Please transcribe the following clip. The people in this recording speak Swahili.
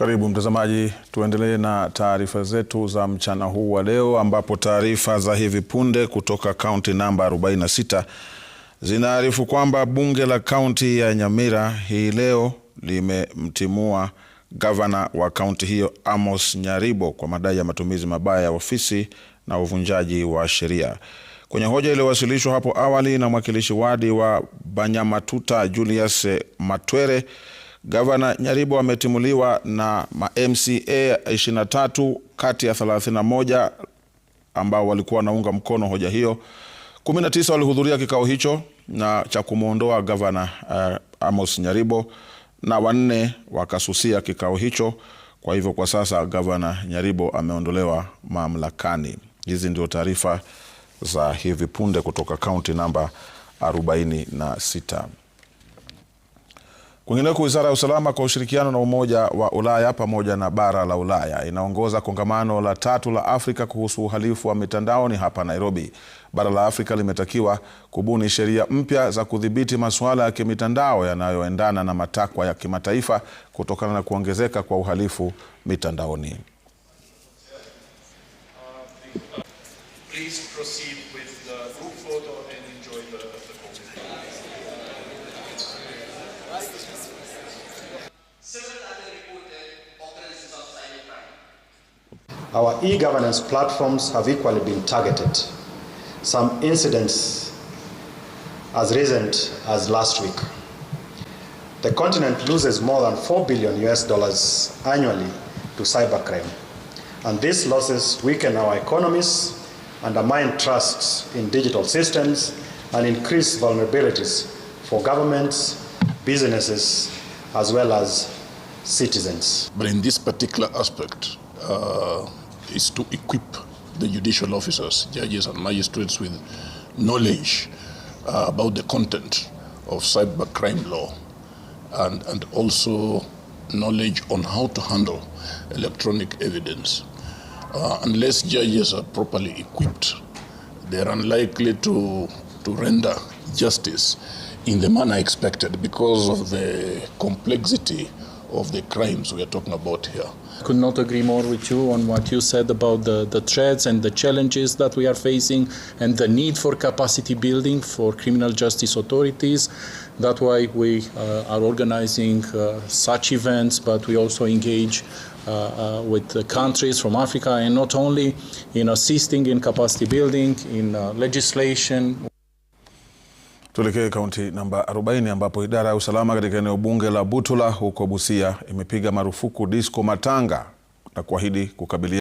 Karibu mtazamaji, tuendelee na taarifa zetu za mchana huu wa leo, ambapo taarifa za hivi punde kutoka kaunti namba 46 zinaarifu kwamba bunge la kaunti ya Nyamira hii leo limemtimua gavana wa kaunti hiyo Amos Nyaribo kwa madai ya matumizi mabaya ya ofisi na uvunjaji wa sheria. Kwenye hoja iliyowasilishwa hapo awali na mwakilishi wadi wa Banyamatuta Julius Matwere Gavana Nyaribo ametimuliwa na ma-MCA 23 kati ya 31 ambao walikuwa wanaunga mkono hoja hiyo. 19 walihudhuria kikao hicho na cha kumwondoa gavana uh, Amos Nyaribo na wanne wakasusia kikao hicho. Kwa hivyo kwa sasa gavana Nyaribo ameondolewa mamlakani. Hizi ndio taarifa za hivi punde kutoka kaunti namba 46. Kwingineko, wizara ya usalama kwa ushirikiano na Umoja wa Ulaya pamoja na bara la Ulaya inaongoza kongamano la tatu la Afrika kuhusu uhalifu wa mitandaoni hapa Nairobi. Bara la Afrika limetakiwa kubuni sheria mpya za kudhibiti masuala ya kimitandao yanayoendana na matakwa ya kimataifa kutokana na kuongezeka kwa uhalifu mitandaoni. our e-governance platforms have equally been targeted. Some incidents as recent as last week. The continent loses more than 4 billion US dollars annually to cybercrime, and these losses weaken our economies, undermine trusts in digital systems, and increase vulnerabilities for governments, businesses, as well as citizens. But in this particular aspect, uh, is to equip the judicial officers, judges, and magistrates with knowledge uh, about the content of cybercrime law and, and also knowledge on how to handle electronic evidence. Uh, unless judges are properly equipped, they're unlikely to, to render justice in the manner expected because of the complexity of the crimes we are talking about here. I could not agree more with you on what you said about the, the threats and the challenges that we are facing and the need for capacity building for criminal justice authorities. That's why we uh, are organizing uh, such events, but we also engage uh, uh with countries from Africa and not only in assisting in capacity building, in uh, legislation, Tuelekee kaunti namba 40 ambapo idara ya usalama katika eneo bunge la Butula huko Busia imepiga marufuku disko matanga na kuahidi kukabiliana